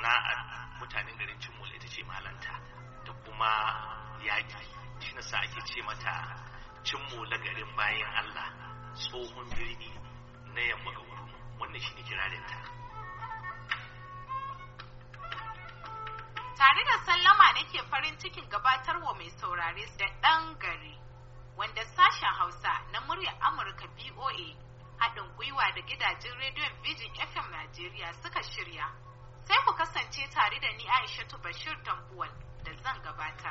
sana'ar mutanen garin cimol ita ce malanta da kuma yaƙi shi nasa ake ce mata cimola garin bayan allah tsohon birni na yamma ga wurin wannan shi ne ta tare da sallama nake farin cikin gabatarwa mai saurare da ɗan gari wanda sashen hausa na muryar amurka boa haɗin gwiwa da gidajen rediyon vision FM Najeriya suka shirya sai ku kasance tare da ni Aishatu Bashir Tambuwal da zan gabata.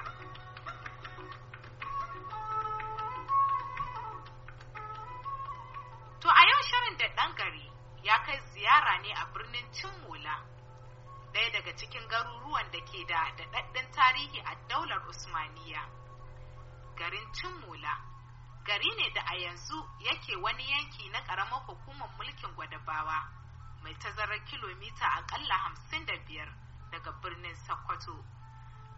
To a yau shirin da ɗan gari ya kai ziyara ne a birnin Cimmola, ɗaya daga cikin garuruwan da ke da daɗaɗɗen tarihi a daular Usmaniya. Garin cinmola gari ne da a yanzu yake wani yanki na ƙaramar hukumar mulkin Gwadabawa. mai tazarar kilomita akalla hamsin da biyar daga birnin Sokoto.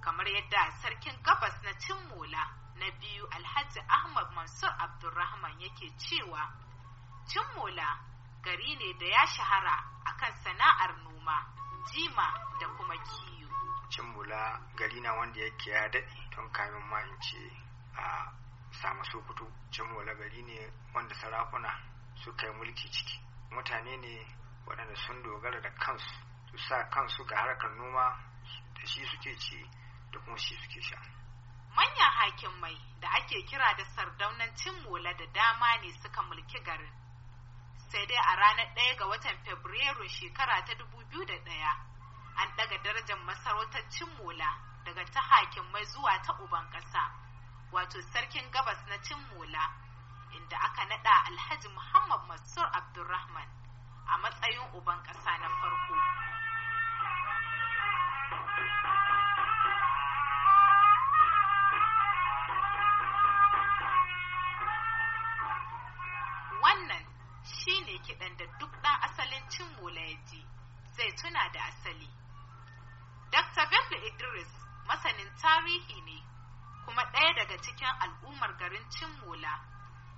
Kamar yadda sarkin gabas na Mola na biyu Alhaji Ahmad Mansur Abdulrahman yake cewa, Mola gari ne da ya shahara a kan sana'ar noma, jima da kuma kiyo. mola gari na wanda yake ya daɗe don kamin ma in ce a samu sokoto. mola gari ne wanda sarakuna suka yi mulki ciki. Mutane ne waɗanda sun dogara da kansu su sa kansu ga harkar noma da shi suke ci da kuma shi suke sha manyan mai da ake kira da sardaunan cin-mola da dama ne suka mulki garin sai dai a ranar ɗaya ga watan fabrairu shekara ta dubu biyu da ɗaya, an ɗaga darajar masarautar mola daga ta mai zuwa ta uban ƙasa wato sarkin gabas na cim-mola inda aka naɗa alhaji muhammad masur abdulrahman a matsayin uban ƙasa na farko wannan shi ne kiɗan da duk ɗan asalin cin ya ji zai tuna da asali dr bello idris masanin tarihi ne kuma ɗaya daga cikin al'ummar garin Mola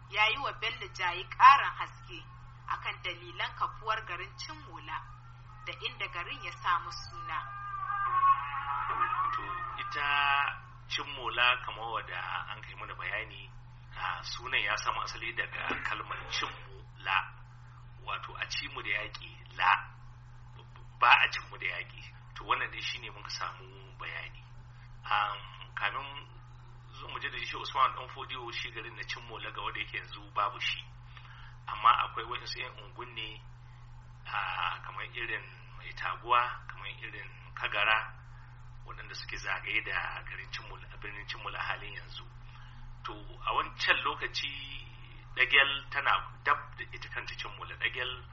ya yi wa bello jayi ƙarin haske akan dalilan kafuwar garin Cimola da inda garin ya samu suna. To ita Cimola kamar wadda an kai mana bayani a sunan ya samu asali daga kalmar Cimola wato a cimu da yaƙi la ba a cimu da yaƙi to wannan dai shine muka samu bayani. kamin zo mu da shi Usman Dan Fodiyo shi garin na Cimola ga wanda yake yanzu babu shi. amma akwai waɗansu 'yan ungun ne kamar irin mai taguwa kamar irin kagara waɗanda suke zagaye da birnin cimula halin yanzu to a wancan lokaci ɗagel tana dab da ita kanta cimula ɗagel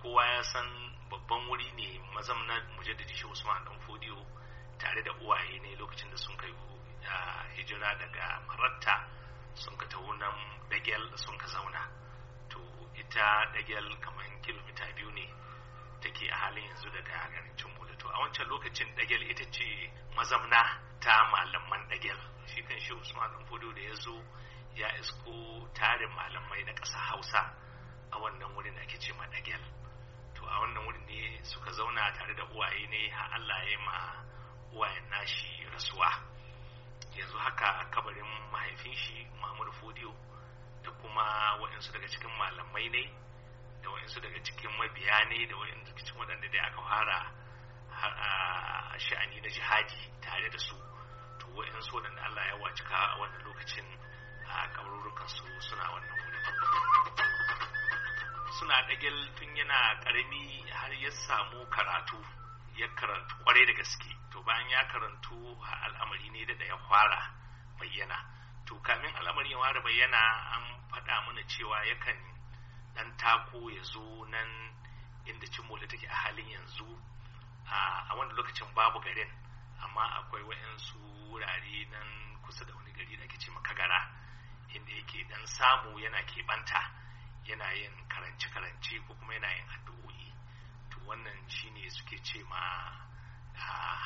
kowa ya san babban wuri ne mazamna mujaddidi shi usman ɗan fodiyo tare da uwaye ne lokacin da sun kai hijira daga maratta sun ka taho nan ɗagel sun ka zauna zuwa dagel kamar kilomita biyu ne take a halin yanzu daga garin da to a wancan lokacin ɗagel ita ce mazamna ta malaman ɗagel shi kan shi usman fodo da ya zo ya isko tarin malamai na ƙasa hausa a wannan wurin ake ce ma dagel to a wannan wurin ne suka zauna tare da uwaye ne har allah ya ma uwayen nashi rasuwa yanzu haka kabarin mahaifin shi mahmud fodiyo da kuma waɗansu daga cikin malamai ne da wa'insu daga cikin mabiya ne da wayansu cikin waɗanda dai aka fara a sha'ani na jihadi tare da su to wa'insu waɗanda Allah ya wacika a wannan lokacin a kabarurukan su suna wannan wuri suna ɗagel tun yana ƙarami har ya samu karatu ya karantu kwarai da gaske to bayan ya karantu al'amari ne da ya fara bayyana to kamin al'amari ya fara bayyana an faɗa mana cewa yakan dan tako ya zo nan inda cimola take a halin yanzu a wanda lokacin babu garin amma akwai wa'yansu wurare nan kusa da wani gari da ake ce makagara inda yake dan samu yana keɓanta yana yin karance-karance ko kuma yana yin addu'o'i to wannan shine suke ce ma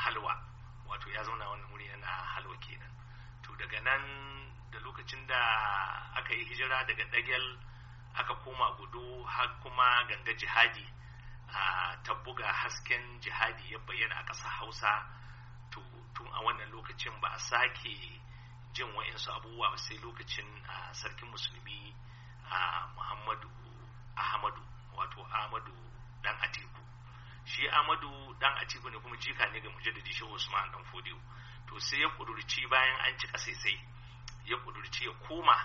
halwa wato ya zauna wannan wuri yana halwa kenan to daga nan da lokacin da aka yi hijira daga dagel aka koma gudu har kuma ganga jihadi a ta buga hasken jihadi ya bayyana a ƙasar hausa tun a wannan lokacin ba a sake jin wa'insu abubuwa ba sai lokacin sarkin musulmi muhammadu ahmadu wato ahmadu dan atiku shi ahmadu dan atiku ne kuma jika ne ga mujaddadi shi usman dan fodiyo to sai ya kudurci bayan an cika sai ya kudurci ya koma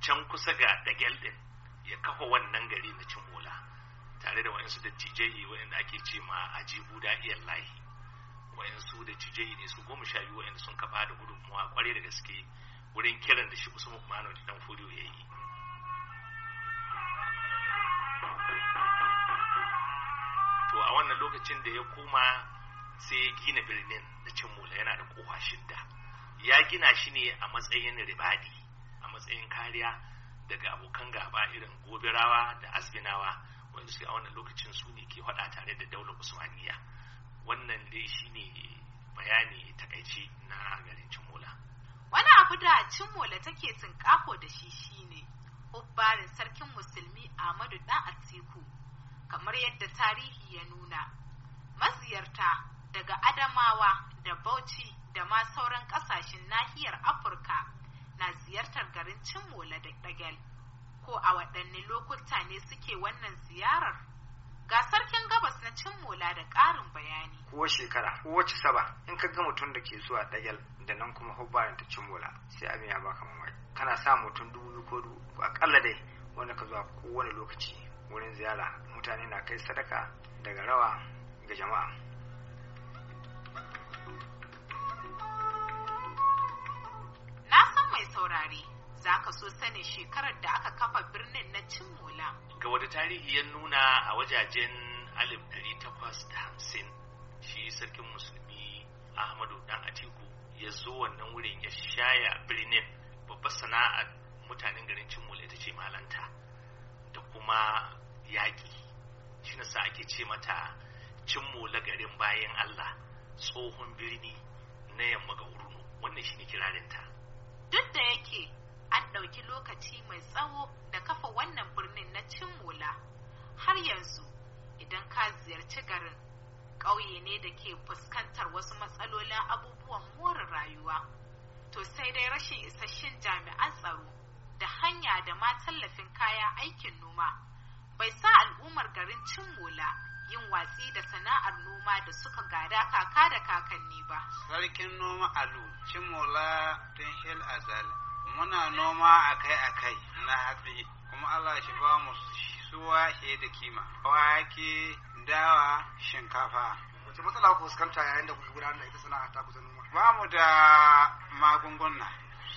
can kusa ga dagel din ya kafa wannan gari na cin cimola tare da da dattijai waɗanda ake ce ma ajibu da iyan lahi da dattijai ne su goma sha biyu waɗanda sun kafa da gudunmuwa kwarai da gaske wurin kiran da shi usman umano da dan furiyo ya yi to a wannan lokacin da ya koma sai ya gina birnin na cin cimola yana da kowa shidda ya gina shi ne a matsayin ribadi a matsayin kariya daga abokan gaba irin gobirawa da asbinawa wanda suke a wannan lokacin su ne ke faɗa tare da daular usmaniya wannan dai ne bayani takaici na garin cimola wani abu da cimola take tunkako da shi shine hubbarin sarkin musulmi ahmadu dan atiku kamar yadda tarihi ya nuna maziyarta daga adamawa da bauchi da ma sauran kasashen nahiyar afirka na ziyartar garin Cimola da ɗagal Ko a waɗanne lokuta ne suke wannan ziyarar? Ga sarkin gabas na Cimola da ƙarin bayani. Kowa shekara, ci saba, in ka ga mutum da ke zuwa ɗagal da nan kuma hubbarin ta Cimola, sai abin ya baka mamaki. Kana sa mutum dubu biyu ko dubu, akalla dai wanda ka zuwa kowane lokaci wurin ziyara mutane na kai sadaka daga rawa ga jama'a. saurare za ka so sani shekarar da aka kafa birnin na Cimola. Ga wata tarihi ya nuna a wajajen 1850 shi sarkin musulmi Ahmadu Dan Atiku ya zo wannan wurin ya shaya birnin babbar sana'ar mutanen garin Cimola ita ce malanta da kuma yaƙi shi sa ake ce mata Cimola garin bayan Allah tsohon birni na yamma ga Urnu wannan shi ne kirarinta. duk da yake an ɗauki lokaci mai tsawo da kafa wannan birnin na cin cimola har yanzu idan ka ziyarci garin ƙauye ne da ke fuskantar wasu matsalolin abubuwan more rayuwa to sai dai rashin isasshen jami'an tsaro da hanya da ma tallafin kaya aikin noma bai sa al'ummar garin cin cimola yin watsi da sana'ar noma da suka gada kaka da kakanni ba. Sarkin noma alu, Cimola tun hil azal, muna noma akai-akai na hatsi, kuma Allah shi ba mu suwa da kima. Wake, dawa, shinkafa. Wace matsala ku fuskanta yayin da ku gudanar da ita sana'a ta kusa noma? Ba mu da magunguna,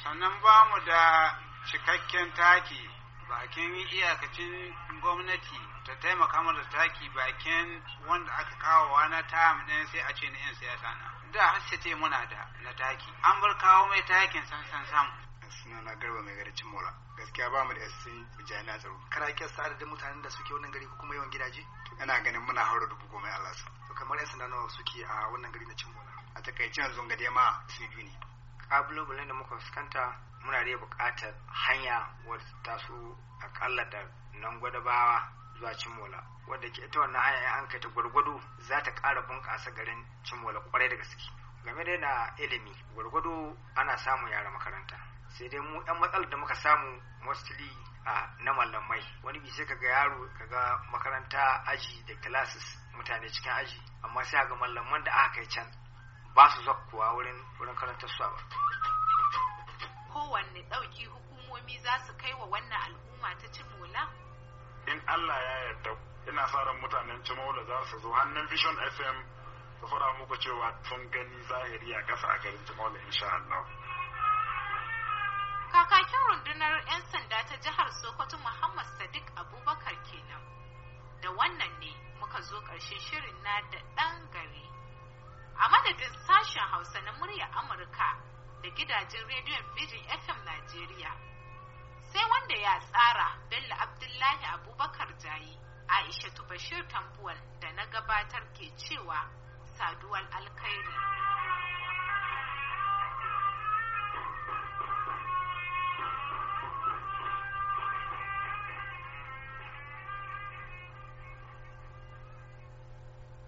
sannan ba mu da cikakken taki bakin iyakacin gwamnati ta taimaka mara taki bakin wanda aka kawo na tam ɗin sai a ce na 'yan siyasa na da hasse ce muna da na taki an bar kawo mai takin sansan sam suna na garba mai garcin mura gaskiya ba mu da yasin jami'a tsaro kana kiyar sa'ar da mutanen da suke wannan gari ko kuma yawan gidaje yana ganin muna haura dubu goma Allah su to kamar yan nawa suke a wannan gari na cin mura a takaice yanzu ga dai ma su biyu ne bulan da muka fuskanta muna dai buƙatar hanya wadda ta akalla da nan gwadabawa zuwa cimola wadda ke ita wannan hanya an kai ta gwargwado za ta ƙara bunƙasa garin cimola kwarai da gaske game da na ilimi gwargwado ana samun yara makaranta sai dai mu ɗan matsalar da muka samu mostly a na mallamai wani bi sai kaga yaro kaga makaranta aji da classes mutane cikin aji amma sai ga mallaman da aka kai can ba su zakkuwa wurin wurin karantar su ba kowanne ɗauki hukumomi za su kai wa wannan al'umma ta cimola? In Allah ya yarda ina sa ran mutanen cimola za su zo hannun Vision FM su fara muku cewa tun gani zahiri a kasa a garin cimola insha Allah. Kakakin rundunar 'yan sanda ta jihar Sokoto Muhammad Sadiq Abubakar kenan. Da wannan ne muka zo ƙarshen shirin na da ɗan gari. A madadin sashen Hausa na murya Amurka da gidajen rediyon Fiji FM Najeriya. Sai wanda ya tsara Bello Abdullahi Abubakar Jayi, Aisha Bashir Tambuwal da na gabatar ke cewa saduwar alkhairi.